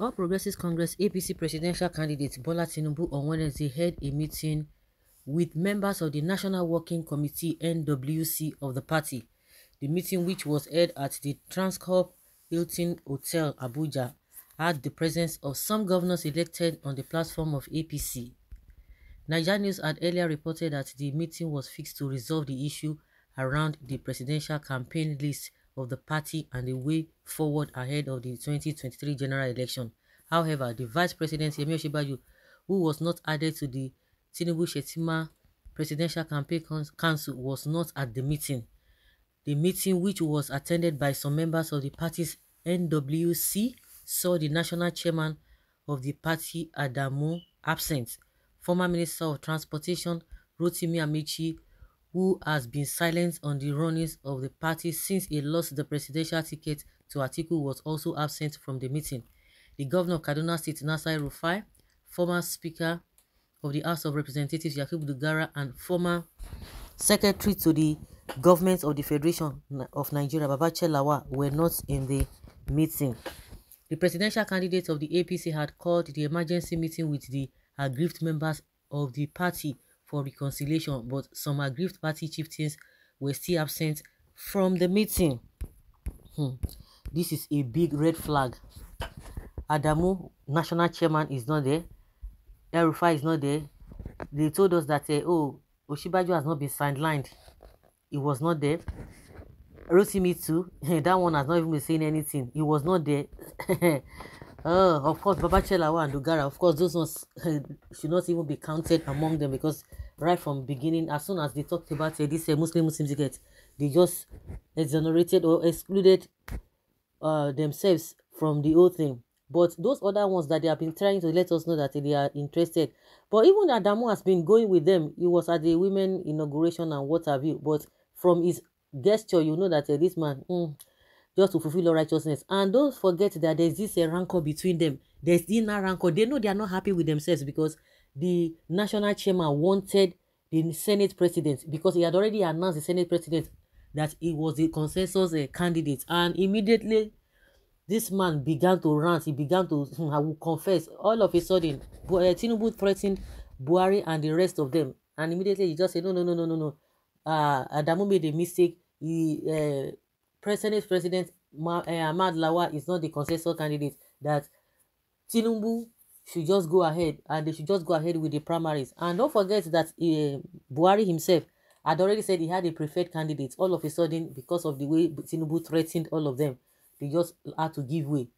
All Progressives Congress APC presidential candidate Bola Tinubu on Wednesday held a meeting with members of the National Working Committee NWC of the party. The meeting, which was held at the Transcorp Hilton Hotel Abuja, had the presence of some governors elected on the platform of APC. Niger News had earlier reported that the meeting was fixed to resolve the issue around the presidential campaign list of the party and the way forward ahead of the 2023 general election. However, the Vice President Yemi Osinbajo, who was not added to the Tinubu Shetima Presidential Campaign Council, was not at the meeting. The meeting, which was attended by some members of the party's NWC, saw the national chairman of the party, Adamu, absent. Former Minister of Transportation, Rotimi Amici, who has been silent on the runnings of the party since he lost the presidential ticket to Atiku, was also absent from the meeting. The governor of Kaduna State, Nasir Rufai, former Speaker of the House of Representatives, Yakub Dugara, and former Secretary to the Government of the Federation of Nigeria, Babache Lawa, were not in the meeting. The presidential candidate of the APC had called the emergency meeting with the aggrieved members of the party for reconciliation, but some aggrieved party chieftains were still absent from the meeting. Hmm. This is a big red flag. Adamu, national chairman, is not there. El is not there. They told us that, uh, oh, Oshibajo has not been sidelined. He was not there. Rotimi too. that one has not even been saying anything. He was not there. oh, of course, Babachelawa and Dugara, of course, those ones should not even be counted among them because right from beginning, as soon as they talked about uh, this uh, Muslim Muslim they just exonerated or excluded uh, themselves from the whole thing. But those other ones that they have been trying to let us know that they are interested. But even Adamu has been going with them. He was at the women inauguration and what have you. But from his gesture, you know that uh, this man, mm, just to fulfill righteousness. And don't forget that there's this uh, rancor between them. There's inner rancor. They know they are not happy with themselves because the national chairman wanted the Senate president because he had already announced the Senate president that he was the consensus uh, candidate. And immediately this man began to rant he began to hmm, i will confess all of a sudden uh, tinubu threatened buhari and the rest of them and immediately he just said no no no no no no uh, adamu made a mistake he uh, president president Ma, uh, ahmad lawal is not the consensus candidate that tinubu should just go ahead and they should just go ahead with the primaries and don't forget that uh, buhari himself had already said he had a preferred candidate all of a sudden because of the way tinubu threatened all of them they just had to give way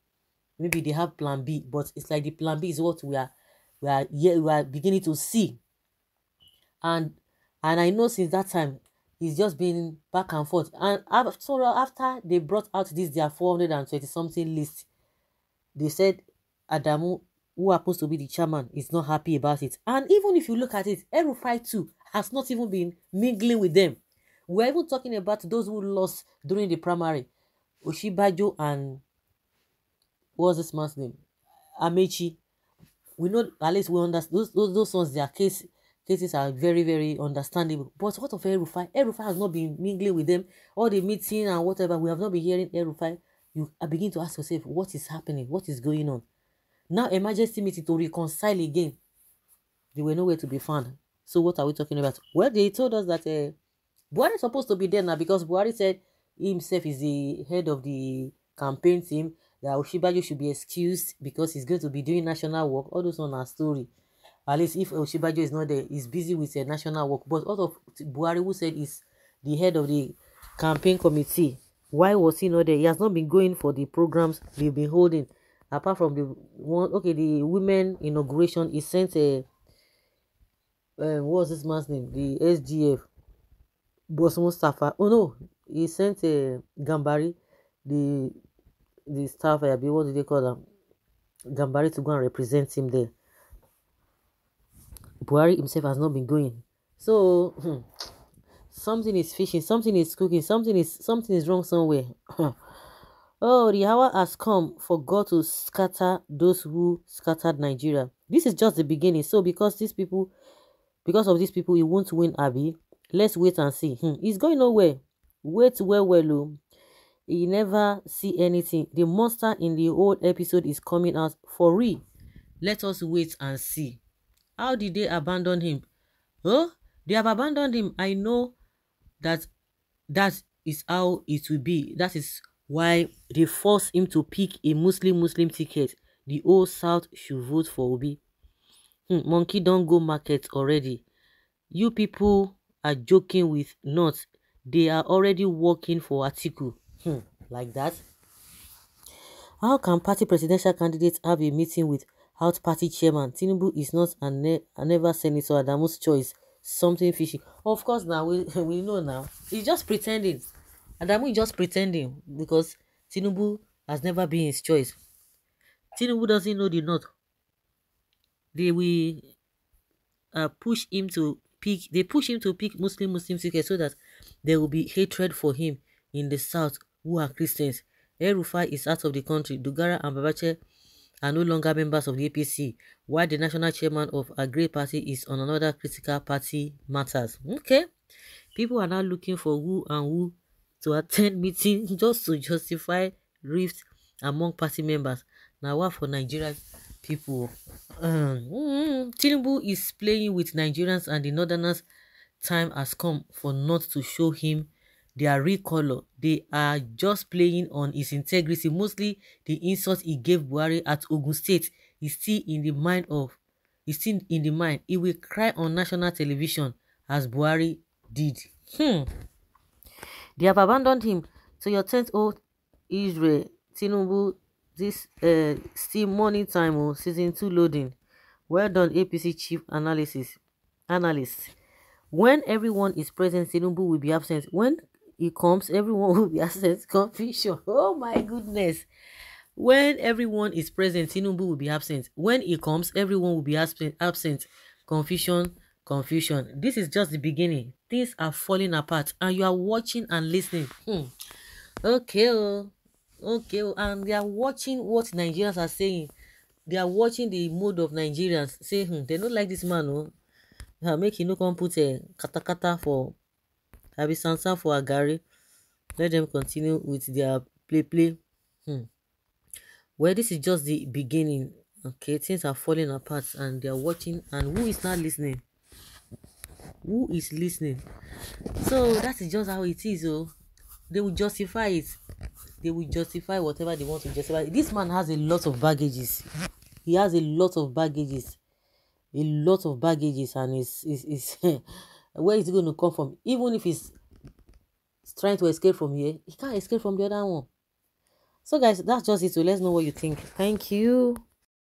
maybe they have plan b but it's like the plan b is what we are we are yeah we are beginning to see and and i know since that time it's just been back and forth and after after they brought out this their 420 something list they said adamu who happens to be the chairman is not happy about it and even if you look at it five too has not even been mingling with them we're even talking about those who lost during the primary Oshibajo and what's this man's name? Amechi. We know at least we understand those those, those ones, their case cases are very, very understandable. But what of Erufai? Erufai has not been mingling with them. All the meeting and whatever, we have not been hearing Erufai. You begin to ask yourself, what is happening? What is going on? Now, emergency meeting to reconcile again. They were nowhere to be found. So, what are we talking about? Well, they told us that uh, Buhari is supposed to be there now because Buhari said himself is the head of the campaign team that Osinbajo should be excused because he's going to be doing national work all those on our story at least if Osinbajo is not there he's busy with uh, national work but all of Buhari who said is the head of the campaign committee why was he not there he has not been going for the programs they've been holding apart from the one okay the women inauguration he sent a uh, um, was this man's name the SGF boss Mustafa oh no he sent a Gambari, the the staff, eh, I what do they call them? Gambari to go and represent him there. Buhari himself has not been going. So hmm, something is fishing, something is cooking, something is something is wrong somewhere. oh, the hour has come for God to scatter those who scattered Nigeria. This is just the beginning. So because these people, because of these people, he won't win Abi. Let's wait and see. Hmm, he's going nowhere. Wait well, well, oh. He never see anything. The monster in the old episode is coming out for real. Let us wait and see. How did they abandon him? Oh, they have abandoned him. I know that that is how it will be. That is why they force him to pick a Muslim Muslim ticket. The whole South should vote for Obi. Hmm, monkey don't go market already. You people are joking with nuts. they are already working for Atiku. Hmm, like that? How can party presidential candidates have a meeting with out party chairman? Tinubu is not an ne- never senator Adamu's choice. Something fishy. Of course, now we, we know now. He's just pretending. Adamu is just pretending because Tinubu has never been his choice. Tinubu doesn't know the north. They will uh, push him to pick. They push him to pick Muslim Muslim seekers so that There will be hatred for him in the south who are Christians. Erufai is out of the country. Dugara and Babache are no longer members of the APC, while the national chairman of a great party is on another critical party matters. Okay. People are now looking for who and who to attend meetings just to justify rifts among party members. Now, what for Nigerian people? Um, Tinubu is playing with Nigerians and the Northerners time has come for not to show him their real color. They are just playing on his integrity. Mostly the insult he gave Buhari at Ogun State is still in the mind of is still in the mind. He will cry on national television as Buhari did. Hmm. They have abandoned him. So your 10th old Israel Tinubu this uh, still morning time oh, season 2 loading. Well done APC chief analysis analyst. When everyone is present, Tinubu will be absent. When he comes, everyone will be absent. Confusion. Oh my goodness. When everyone is present, Tinubu will be absent. When he comes, everyone will be absent. absent. Confusion, confusion. This is just the beginning. Things are falling apart, and you are watching and listening. Hmm. Okay, oh. okay, oh. and they are watching what Nigerians are saying. They are watching the mood of Nigerians. Say, hmm, they don't like this man. Oh. uh, make you no come put a katakata for abi sansan for agari let them continue with their play play hmm. well this is just the beginning okay things are falling apart and they are watching and who is not listening who is listening so that is just how it is oh they will justify it they will justify whatever they want to justify this man has a lot of baggages he has a lot of baggages a lot of baggages and is is is where is it going to come from even if he's trying to escape from here he can't escape from the other one so guys that's just it so let's know what you think thank you